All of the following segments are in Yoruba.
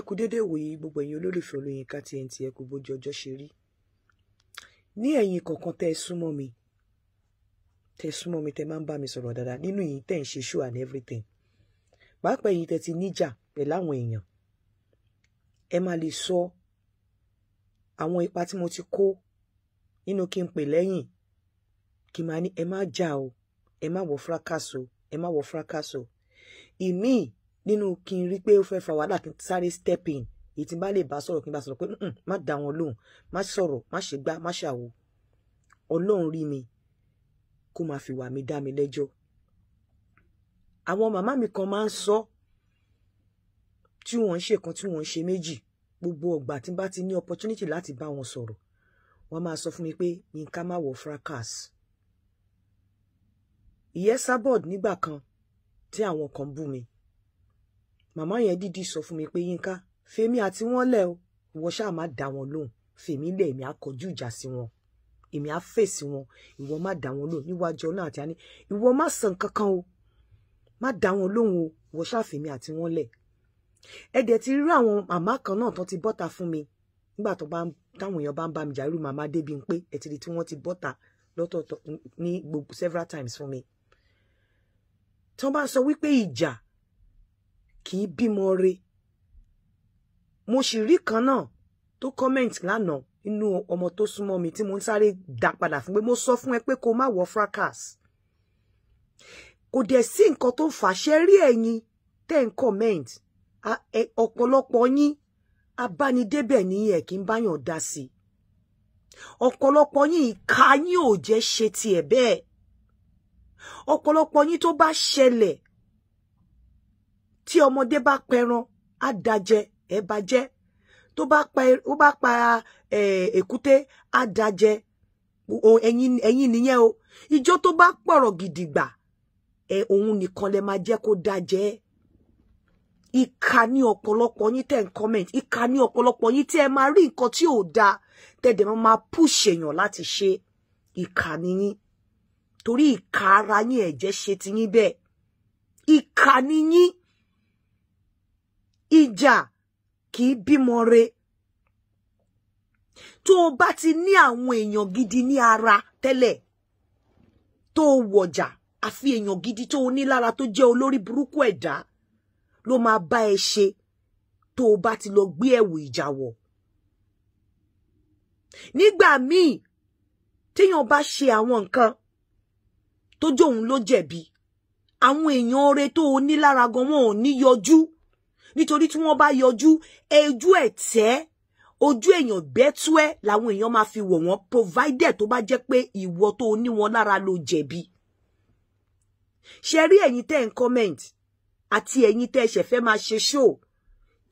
ẹ kú dédé ìwòyí gbogbo ẹ̀yin olólùfẹ́ olóyinka TNT ẹ kú bójú ọjọ́ ṣe rí ní ẹ̀yin kọ̀ọ̀kan tẹ́ ẹ súnmọ́ mi tẹ́ ẹ súnmọ́ mi tẹ́ máa ń bá mi sọ̀rọ̀ dáadáa nínú yìí tẹ́ ń ṣe show and everything pàápàá ẹ̀yin tẹ́ ti níjà pẹ̀lú àwọn èèyàn ẹ máa lè sọ àwọn ipa tí mo ti kó nínú kí n pè lẹ́yìn kí n máa ní ẹ má jà o ẹ má wọ fúrákàsọ ẹ má wọ fúrákàsọ ìmíì nínú kí n rí pé ó fẹ́ fa wàhálà kí n sáré step in èyí tí n bá lè bá sọ̀rọ̀ kí n bá sọ̀rọ̀ pé má dá wọn lóhùn má sọ̀rọ̀ má ṣe gbá má ṣàwò ọlọ́run rí mi kó máa fi wà mí dá mi lẹ́jọ́ àwọn màmá mi kan máa ń sọ tí wọ́n ń ṣe kan tí wọ́n ń ṣe méjì gbogbo ọgbà tí n bá ti ní opportunity láti bá wọn sọ̀rọ̀ wọ́n máa sọ fún mi pé Yínká má wọ fracas ìyẹn sábọ̀d nígbà kan tí àwọn kan bú mi màmá yẹn dídí sọ fún mi pé Yínká fèmí àti wọn lẹ o ìwọ ṣáà má dá wọn lóhùn fèmí lẹ èmi á kọjú ìjà sí wọn èmi á fèsì wọn ìwọ má dá wọn lóhùn níwájú Ọlọ́run àti àní ìwọ má sàn kankan o má dá wọn lóhùn o ìwọ ṣáà fèmí àti wọn lẹ ẹ dẹ̀ ti rí àwọn màmá kan náà tán ti bọ́ta fún mi nígbà tó bá táwọn èèyàn bá ń bá mi jà irú màmá débi ń pé ẹ ti rí tí wọ́n ti bọ́ta lọ́tọ̀ọ̀tọ̀ ní gbogbo several times fún mi tán bá sọ wípé ìjà kì í bímọ re mo sì rí kan náà tó comment lánàá nínú ọmọ tó súnmọ́ mi tí mo ń sáré dá padà fún pé mo sọ fún ẹ pé kó má wọ fracas kò dẹ̀ sí nǹkan tó ń fàṣẹ rí ẹ̀yin tẹ́ ń comment ọ̀pọ̀lọpọ̀ yín abánidébẹ̀ ní ẹ̀ kí n báyàn dá sí i ọ̀pọ̀lọpọ̀ yín ìka yín ò jẹ́ ṣe tiẹ̀ bẹ́ẹ̀ ọ̀pọ̀lọpọ̀ yín tó bá ṣẹlẹ̀ tí ọmọdé bá pẹran á dajẹ ẹ bá jẹ tó bá pa er, ó bá pa èkúté á dajẹ ẹ̀yin ẹ̀yin nìyẹn o ìjọ tó bá pọ̀rọ̀ gidigba ẹ òun nìkan lẹ máa jẹ́ kó dajẹ ìkà ní ọ̀pọ̀lọpọ̀ yín tẹ́ ń comment ìkà ní ọ̀pọ̀lọpọ̀ yín tí ẹ máa rí nǹkan tí ò dáa tẹ́dẹ̀ máa push èèyàn láti ṣe ìkà nìyín torí ìkà ara yín ẹ̀jẹ̀ ṣe ti yín bẹ́ẹ̀ ìkà nìyín ìjà kì í bímọ re tó o bá ti ní àwọn èèyàn gidi ní ara tẹ́lẹ̀ tó o wọ̀jà àfi èèyàn gidi tó o ní lára tó jẹ́ olórí burúkú ẹ̀dá ló máa bá ẹ ṣe tó o bá ti lọ gbé ẹ̀wù ìjà wọ̀ nígbà míì téèyàn bá ṣe àwọn nǹkan tó jóun ló jẹ̀bi àwọn èèyàn oore tó o ní lára gan wọn ò ní yọjú nítorí tí wọ́n bá yọjú ejú ẹ̀tẹ́ ojú èèyàn bẹ́tú ẹ làwọn èèyàn máa fi wò wọ́n provided tó bá jẹ́ pé ìwọ tó ní wọn lára ló jẹ̀bi ṣe rí ẹ̀yin tẹ́ ń comment àti ẹ̀yin tẹ́ ṣẹ̀ fẹ́ máa ṣe show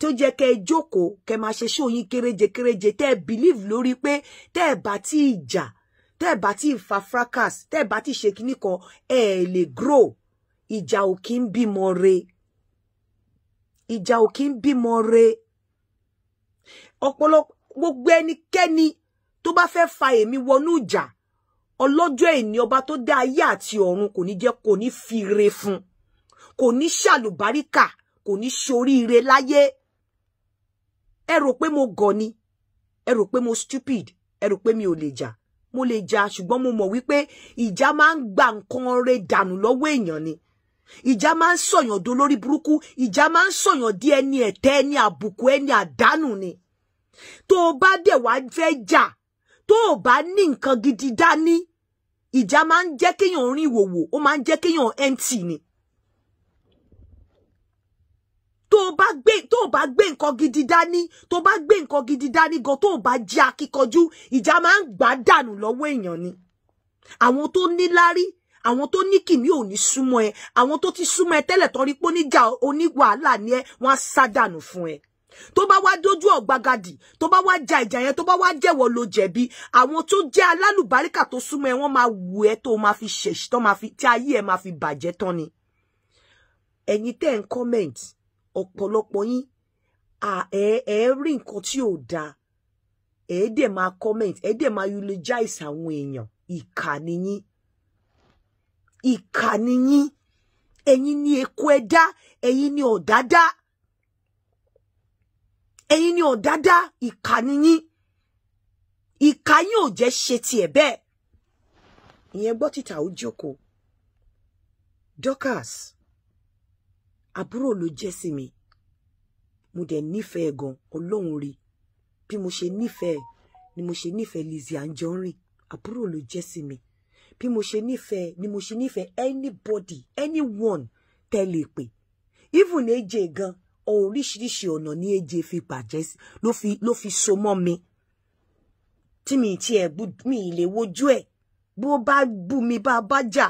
tó jẹ́ kẹ́ ẹ jókòó kẹ́ máa ṣe show yín kéréje kéréje tẹ́ ẹ believe lórí pé tẹ́ ẹ bá ti ìjà tẹ́ ẹ bá ti fa fracas tẹ́ ẹ bá ti ṣe kinní kan ẹ lè grow ìjà ò kí ń bímọ re ìjà ò kí ń bímọ re ọ̀pọ̀lọpọ̀ gbogbo ẹnikẹ́ni tó bá fẹ́ fa èmi wọnú ìjà ọlọ́jọ́ èní ọba tó dá ayé àti ọ̀run kò ní jẹ́ kò ní fi re fún kò ní ṣàlùbáríkà kò ní ṣoríire láyé ẹ rò pé mo gọ̀ ni ẹ rò pé mo stupid ẹ rò pé mi ò lè jà mo lè jà ṣùgbọ́n mo mọ̀ wípé ìjà máa ń gba nǹkan re dànù lọ́wọ́ èèyàn ni ìjà máa ń sọ̀yàn do lórí burúkú ìjà máa ń sọ̀yàn di ẹni ẹ̀tẹ́ ẹni àbùkù ẹni àdánù ni tó o bá dẹ̀ wá fẹ́ jà tó o bá ní nǹkan gidi dání ìjà máa ń jẹ́ kéèyàn rìn ìwòwò ó máa ń jẹ́ kéèyàn ẹ̀ǹtì ni tó o bá gbé tó o bá gbé nǹkan gidi dání tó o bá gbé nǹkan gidi dání gan tó o bá jẹ́ akíkanjú ìjà máa ń gbà dànù lọ́wọ́ èèyàn ni àwọn tó níláárí àwọn tó ní kìíní ò ní súnmọ́ ẹ àwọn tó ti súnmọ́ ẹ tẹ́lẹ̀ tán rí pé oníjà oníwàhálà ni ẹ wọ́n á sá dànù fún ẹ tó bá wá dójú ọ̀gbagadì tó bá wá ja ìjà yẹn tó bá wá jẹ́wọ́ ló jẹ̀bi àwọn tó jẹ́ alálùbáríkà tó súnmọ́ ẹ wọ́n máa wù ẹ́ tó máa fi ṣèṣì tó máa fi tí ayé ẹ máa fi bàjẹ́ tán ni. ẹ̀yin tẹ́ ẹ̀ ń comment ọ̀pọ̀lọpọ̀ yín ẹ̀ ẹ̀ rí nǹkan tí ò dáa ẹ̀ ẹ̀ dẹ̀ máa comment ẹ̀ dẹ̀ máa eulogize àwọn èèyàn ìkà nìyín ìkà ni yín ẹ̀yin ni eku ẹ̀dá ẹ̀yin ni ọ̀dádá ẹ̀yin ni ọ̀dádá ìkà ni yín ìkà yín ò jẹ́ ṣe tiẹ̀ bẹ́ẹ̀ ìyẹn gbọ́ títà ó jókòó Dorcas àbúrò ló jẹ́ sí mi mo dẹ̀ nífẹ̀ẹ́ gan ọlọ́run rí bí mo ṣe nífẹ̀ẹ́ ni mo ṣe nífẹ̀ẹ́ Lizzy Anjorin àbúrò ló jẹ́ sí mi bí mo ṣe nífẹ̀ẹ́ ni mo ṣe nífẹ̀ẹ́ anybody anyone tẹ́lẹ̀ pé even eje gan oríṣiríṣi ọ̀nà ní eje fi bàjẹ́ ló fi ló fi so mọ́ mi tí mi ti ẹ̀ mi lè wojú ẹ̀ bó bá bú mi bá bá jà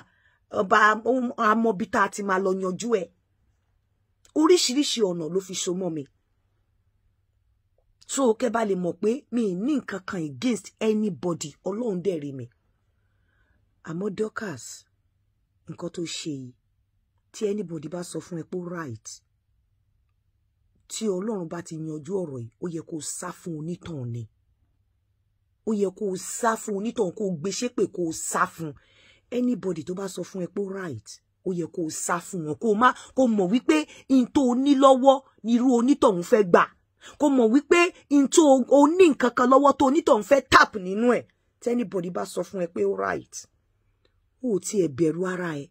ọba amọbi tá a ti máa lọ yanjú ẹ̀ oríṣiríṣi ọ̀nà ló fi so mọ́ mi so kẹ́ bá lè mọ̀ pé mi ní nǹkan kan against anybody ọlọ́run dẹ̀ rí mi àmọ́ Dorcas nǹkan tó ṣe yìí tí anybody bá sọ fún ẹ pé right tí Ọlọ́run bá ti yanjú ọ̀rọ̀ yìí ó yẹ kó sá fún onítàn ni ó yẹ kó sá fún onítàn kó gbé ṣépè kó sá fún anybody tó bá sọ fún ẹ pé right ó yẹ kó sá fún wọn kó má kó mọ̀ wípé n tó ní lọ́wọ́ ni irú onítọ̀hún fẹ́ gbà kó mọ̀ wípé n tó o ní nǹkan kan lọ́wọ́ tó onítọ̀hún fẹ́ tap nínú ẹ̀ tẹ́nibọ̀dì bá sọ fún ẹ pé right o ò tiẹ̀ bẹ̀rù ara ẹ̀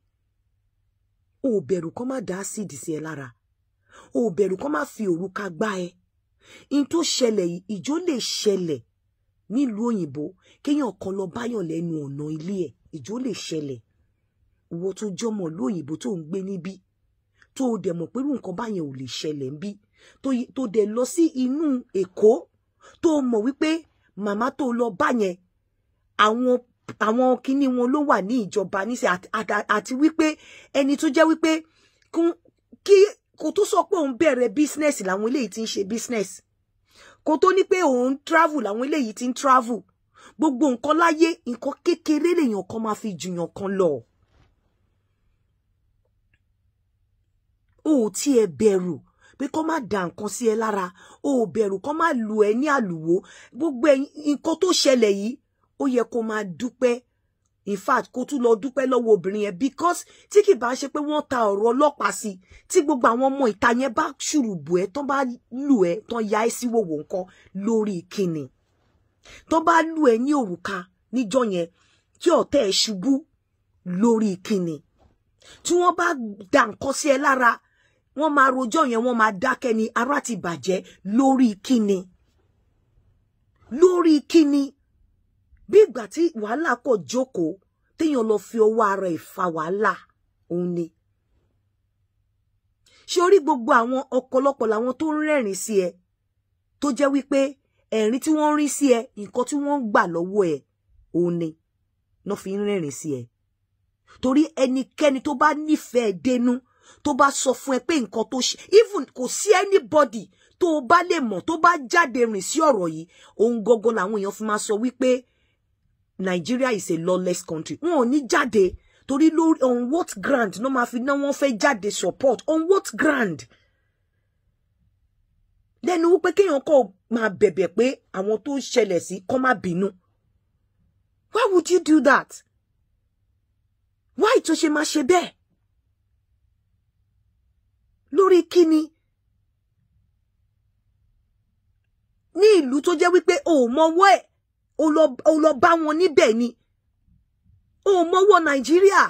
o ò bẹ̀rù kó má dá ásìdì sí ẹ o ò bẹ̀rù kó má fi òrùka gbá ẹ in tó ṣẹlẹ̀ yìí ìjó lè ṣẹlẹ̀ nílùú òyìnbó kéèyàn kan lọ báyàn lẹ́nu ọ̀nà ilé ẹ̀ ìjó lè ṣẹlẹ̀ ìwọ tó jọmọ lóyìnbó tó ń gbé níbí tó o dẹ̀ mọ̀ pé irú nǹkan báyẹn ò lè ṣẹlẹ̀ ń bí tó dẹ̀ lọ sí inú Èkó tó mọ̀ wípé màmá tó lọ báyẹn àwọn àwọn kinní wọn ló wà ní ìjọba níṣẹ́ àti wípé ẹni tó jẹ́ wípé kí kò tó sọ pé òun bẹ̀rẹ̀ business làwọn eléyìí ti ń ṣe business kò tó ní pé òun travel làwọn eléyìí ti ń travel gbogbo nǹkan láyé nǹkan kékeré lèèyàn kan máa fi jùyàn kan lọ. o ò tí ẹ bẹ̀rù pé kó má da nǹkan sí ẹ lára o ò bẹ̀rù kó má lu ẹ ní àlùwò gbogbo nǹkan tó ṣẹlẹ̀ yìí ó yẹ kó máa dúpẹ́ in fact kó tún lọ dúpẹ́ lọ́wọ́ obìnrin yẹn because tí kì bá ṣe pé wọ́n ta ọ̀rọ̀ ọlọ́pàá sí tí gbogbo àwọn ọmọ ìta yẹn bá ṣùrùbù ẹ tán bá lù ẹ tán ya ẹ sí wòwò nǹkan lórí kíni tán bá lù ẹ ní òrùka níjọ́ yẹn kí ọ̀tẹ̀ ẹ ṣubú lórí kíni tí wọ́n bá da nǹkan sí ẹ lára wọ́n máa rojọ́ yẹn wọ́n máa dákẹ́ ni ara ti bàjẹ́ lórí kíni lórí kíni bí ìgbà tí wàhálà kò jókòó téèyàn lọ fi ọwọ́ ara ẹ̀ fa wàhálà òun ni ṣé orí gbogbo àwọn ọ̀pọ̀lọpọ̀ làwọn tó ń rẹ́rìn sí ẹ tó jẹ́ wípé ẹ̀rín tí wọ́n ń rí sí ẹ nǹkan tí wọ́n gbà lọ́wọ́ ẹ òun ni wọ́n fi ń rẹ́rìn sí ẹ torí ẹnikẹ́ni tó bá nífẹ̀ẹ́ dénú tó bá sọ fún ẹ pé nǹkan tó ṣe even kò sí anybody tó o bá lè mọ̀ tó bá jáde rìn sí ọ̀rọ̀ yìí òun gangan làwọn èèyàn fi máa sọ wípé Nigeria is a lawless country wọn ò ní jáde torí lórí on what ground no máa fi ná wọn fẹ́ jáde support on what ground lẹ́nu wípé kéèyàn kọ́ máa bẹ̀bẹ̀ pé àwọn tó ṣẹlẹ̀ sí kọ́ má bínú why would you do that why tó ṣe máa ṣe bẹ́ẹ̀ lórí kíni ní ìlú tó jẹ́ wípé o ò mọwọ́ ẹ̀ ó lọ bá wọn níbẹ̀ ni ó mọ́wọ́ nàìjíríà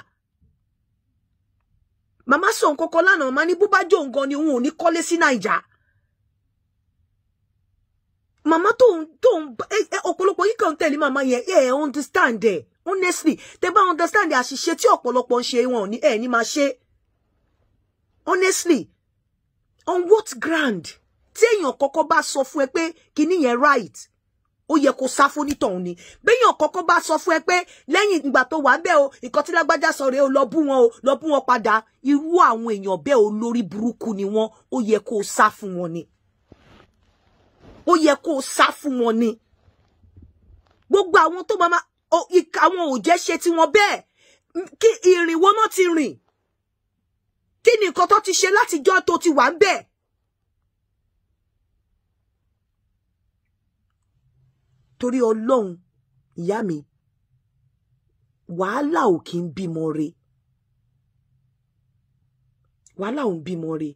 màmá sọ nǹkan kan lánàá màmá ní bó jò nǹkan ni òun ò ní kọ́lé sí nàìjà màmá tó ń tó ń ọ̀pọ̀lọpọ̀ yìí kàn tẹ̀lé màmá yẹn ẹ̀ understand ẹ̀ honestly tẹ bá understand àṣìṣe tí ọ̀pọ̀lọpọ̀ ń ṣe wọn ní ẹ̀ ní máa ṣe honestly on what ground tí èèyàn kọ́kọ́ bá sọ fún ẹ pé kinní right ó yẹ kó sá fún nítọ̀hún ni béèyàn kọ́kọ́ bá sọ fún ẹ pé lẹ́yìn ìgbà tó wà bẹ́ẹ̀ o nǹkan tí lágbájá sọ rèé o lọ bú wọn o lọ bú wọn padà irú àwọn èèyàn bẹ́ẹ̀ o lori burúkú ni wọ́n ó yẹ kó sá fún wọn ni ó yẹ kó sá fún wọn ni gbogbo àwọn tó máa àwọn ò jẹ́ ṣe tiwọn bẹ́ẹ̀ kí ìrìn wọn náà ti rìn kí ni nǹkan tó ti ṣe látijọ́ tó ti wà ń bẹ́ẹ̀ torí Ọlọ́run ìyá mi wàhálà ò kí ń bímọ re wàhálà ò ń bímọ re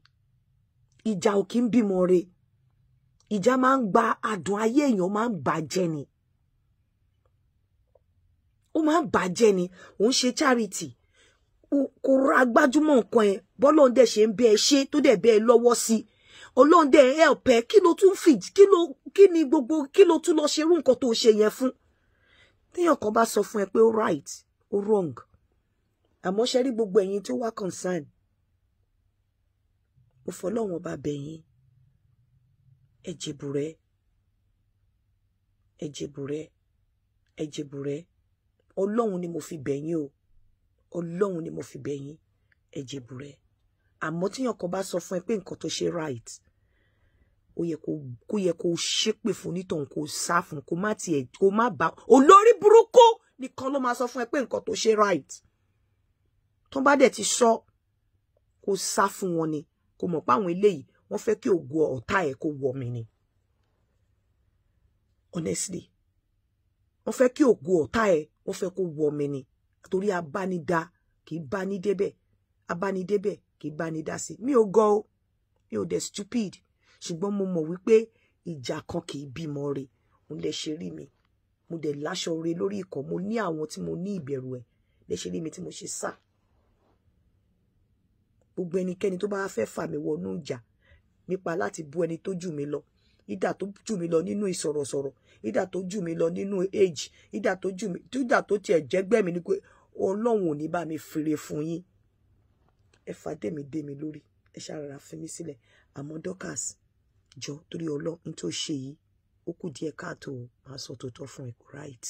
ìjà ò kí ń bímọ re ìjà máa ń gba adùn ayé èèyàn máa ń bàjẹ́ ni ó máa ń bàjẹ́ ni òun ṣe charity kò ra gbájúmọ̀ nǹkan ẹ̀ bọ́lọ́ndẹ̀ ṣe ń bẹ́ ẹ ṣe tó dẹ̀ bẹ́ ẹ lọ́wọ́ sí ọlọ́ndẹ̀ help ẹ kí ló tún fìdí kí ló kí ni gbogbo kí ló tún lọ ṣe irú nǹkan tó ṣe yẹn fún téèyàn kan bá sọ fún ẹ pé ó right ó wrong àmọ́ ṣe rí gbogbo ẹ̀yin tó wá concern mo fọlọ́wọ́n bá bẹ̀yìn ẹ jèbùrẹ́ ẹ jèbùrẹ́ ẹ jèbùrẹ́ ọlọ́run ni mo fi bẹ̀yìn o ọlọ́run ni mo fi bẹ̀yìn ẹ jèbùrẹ́ àmọ́ tíyàn kan bá sọ fún ẹ pé nǹkan tó ṣe right ó ko, kó kó yẹ kó ṣépè fún onítọ̀hún kó sá fún kó má tiẹ̀ kó má bá olórí ni nìkan ló máa sọ fún ẹ pé nǹkan tó ṣe right tó bá dẹ̀ ti sọ kó sá fún wọn ni kó mọ̀ páwọn eléyìí wọ́n fẹ́ kí ògo ọ̀tá ẹ̀ kó wọ̀ mí ni honestly wọ́n fẹ́ kí ògo ọ̀tá e wọ́n fẹ́ kó wọ̀ mí ni torí abánidá kì í bá ní débẹ̀ abánidébẹ̀ kì í bá ní dá mi o de stupid ṣùgbọ́n mo mọ̀ wípé ìjà kan kì í bímọ re mo lè ṣe rí mi mo dẹ̀ láṣọ re lórí ikọ̀ mo ní àwọn tí mo ní ìbẹ̀rù ẹ̀ lè ṣe rí mi tí mo ṣe sá gbogbo ẹnikẹ́ni tó bá fẹ́ fà mí wọnú ìjà nípa láti bú ẹni tó jù mí lọ ìdà tó jù mí lọ nínú ìsọ̀rọ̀sọ̀rọ̀ ìdà tó jù mí lọ nínú age ìdà tó jù mí ìdà tó tiẹ̀ jẹ́gbẹ́ mi ni pé ọlọ́run ò ní bá mi fèrè fún yín ẹ fà dèmi dèmi lórí ẹ ṣàràrà fi mí sílẹ̀ àmọ́ Dorcas jọ torí ọlọ́run tó ṣe yìí ó kù díẹ̀ káàtó máa sọ tòótọ́ fún ẹ right.